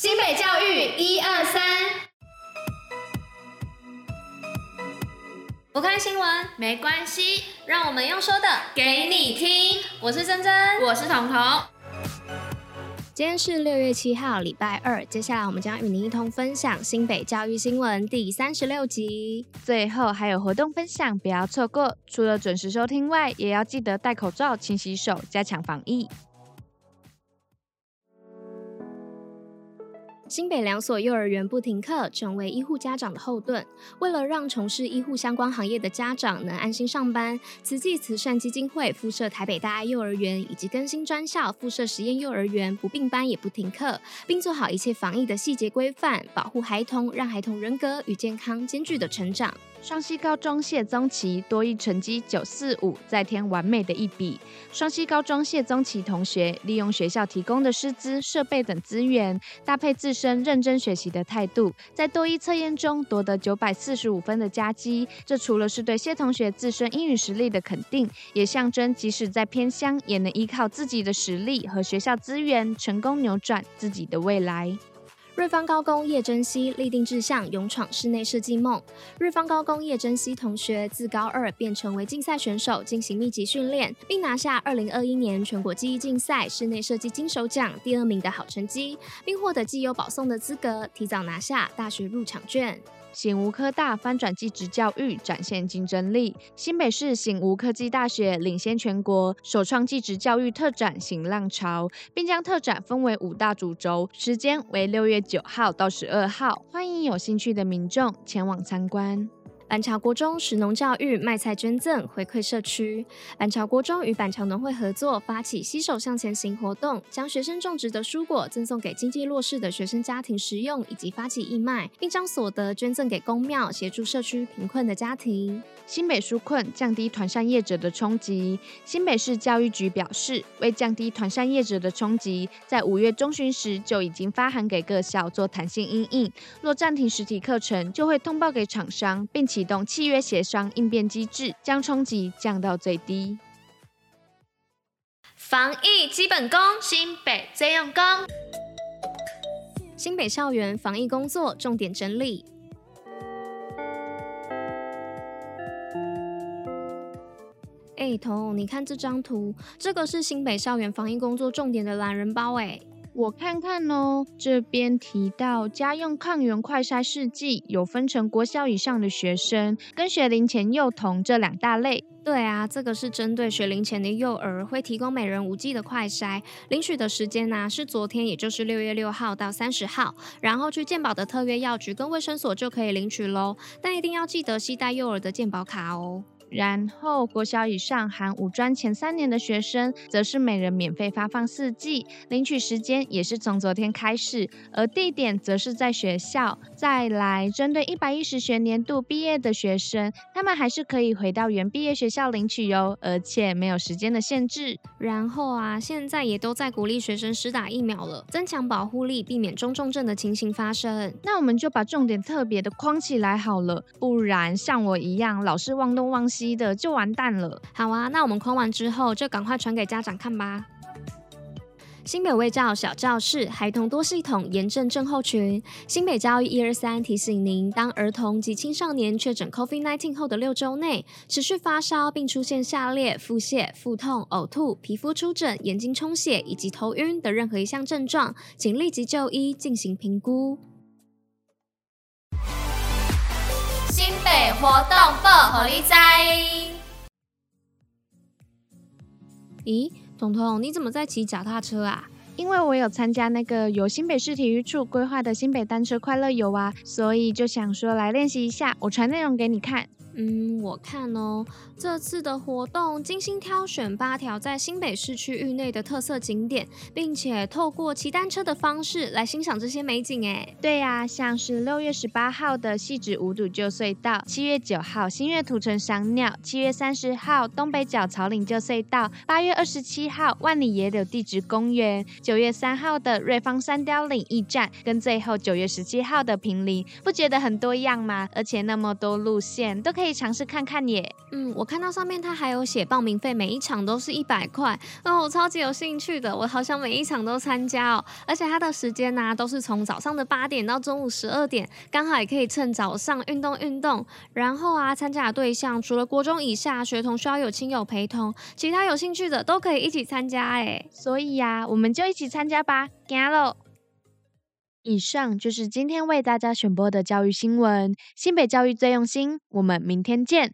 新北教育一二三，不看新聞沒關係，讓我們用說的給你聽。我是珍珍，我是彤彤。今天是六月七號，禮拜二。接下來我們將與您一同分享新北教育新聞第三十六集。最後還有活動分享，不要錯過。除了準時收聽外，也要記得戴口罩、勤洗手，加強防疫。新北兩所幼兒園不停課，成為醫護家長的後盾。為了讓從事醫護相關行業的家長能安心上班，慈濟慈善基金會附設台北大愛幼兒園以及更新專校附設實驗幼兒園，不併班也不停課，並做好一切防疫的細節規範，保護孩童，讓孩童人格與健康兼具的成長。雙溪高中謝宗萁多益成績九四五，再添完美的一筆。雙溪高中謝宗萁同學利用學校提供的師資、設備等資源，搭配自身認真學習的態度，在多益測驗中奪得九百四十五分的佳績。這除了是對謝同學自身英語實力的肯定，也象徵即使在偏鄉，也能依靠自己的實力和學校資源，成功扭轉自己的未來。瑞芳高工葉真希立定志向勇，勇闖室內設計夢。瑞芳高工葉真希同學自高二便成為競賽選手，進行密集訓練，並拿下二零二一年全國技藝競賽室內設計金手獎第二名的好成績，並獲得績優保送的資格，提早拿下大學入場券。醒吾科大翻轉技職教育展現競爭力，新北市醒吾科技大學領先全國，首創技職教育特展醒浪潮，並將特展分為五大主軸，時間為六月九號到十二號，歡迎有興趣的民眾前往參觀。板橋國中食農教育，賣菜捐贈回饋社區。板橋國中與板橋農會合作，發起“攜手向前行”活動，將學生種植的蔬果贈送給經濟弱勢的學生家庭食用，以及發起義賣，並將所得捐贈給公廟，協助社區貧困的家庭。新北紓困，降低團膳業者的衝擊。新北市教育局表示，為降低團膳業者的衝擊，在五月中旬時就已經發函給各校做彈性因應，若暫停實體課程，就會通報給廠商，並且。啟動契約協商應變機制，將衝擊降到最低。防疫基本功，新北最用功。新北校園防疫工作重點整理。哎、欸，彤，你看這張圖，這個是新北校園防疫工作重點的懶人包、欸，哎。我看看哦，這邊提到家用抗原快篩試劑有分成國小以上的學生跟學齡前幼童，這兩大類。對啊，這個是針對學齡前的幼兒，會提供每人五劑的快篩。領取的時間呢、啊、是昨天，也就是六月六號到三十號，然後去健保的特約藥局跟衛生所就可以領取嘍。但一定要記得攜帶幼兒的健保卡哦。然後，國小以上含五專前三年的學生，則是每人免費發放四劑，領取時間也是從昨天開始，而地點則是在學校。再來，針對一百一十學年度畢業的學生，他們還是可以回到原畢業學校領取喲，而且沒有時間的限制。然後啊，現在也都在鼓勵學生施打疫苗了，增強保護力，避免中重症的情形發生。那我們就把重點特別的框起來好了，不然像我一樣老是忘東忘西。的就完蛋了。好啊，那我們框完之後就趕快傳給家長看吧。新北衛教小教室，孩童多系統炎症症候群，新北教育一二三提醒您：當兒童及青少年確診 COVID-19 後的六週內，持續發燒並出現下列腹瀉、腹痛、嘔吐、皮膚出疹、眼睛充血以及頭暈的任何一項症狀，請立即就醫進行評估。新北活動報虎哩知。咦，彤彤，你怎麼在騎腳踏車啊？因為我有參加那個由新北市體育處規劃的新北單車快樂遊啊，所以就想說來練習一下。我傳內容給你看。嗯，我看哦，這次的活動精心挑選八條在新北市區域內的特色景點，並且透過騎單車的方式來欣賞這些美景。哎，對呀、啊，像是六月十八號的汐止五堵舊隧道，七月九號新月土城賞鳥，七月三十號東北角草嶺舊隧道，八月二十七號萬里野柳地質公園，九月三號的瑞芳三貂嶺驛站，跟最後九月十七號的坪林，不覺得很多樣嗎？而且那麼多路線都可以。可以嘗試看看耶。嗯，我看到上面它還有寫報名費，每一場都是一百塊。哦，我超級有興趣的，我好想每一場都參加哦。而且它的時間呢、啊，都是從早上的八點到中午十二點，剛好也可以趁早上運動運動。然後啊，參加的對象除了國中以下學童需要有親友陪同，其他有興趣的都可以一起參加。哎，所以呀、啊，我們就一起參加吧，加油！以上就是今天為大家選播的教育新聞，新北教育最用心，我們明天見。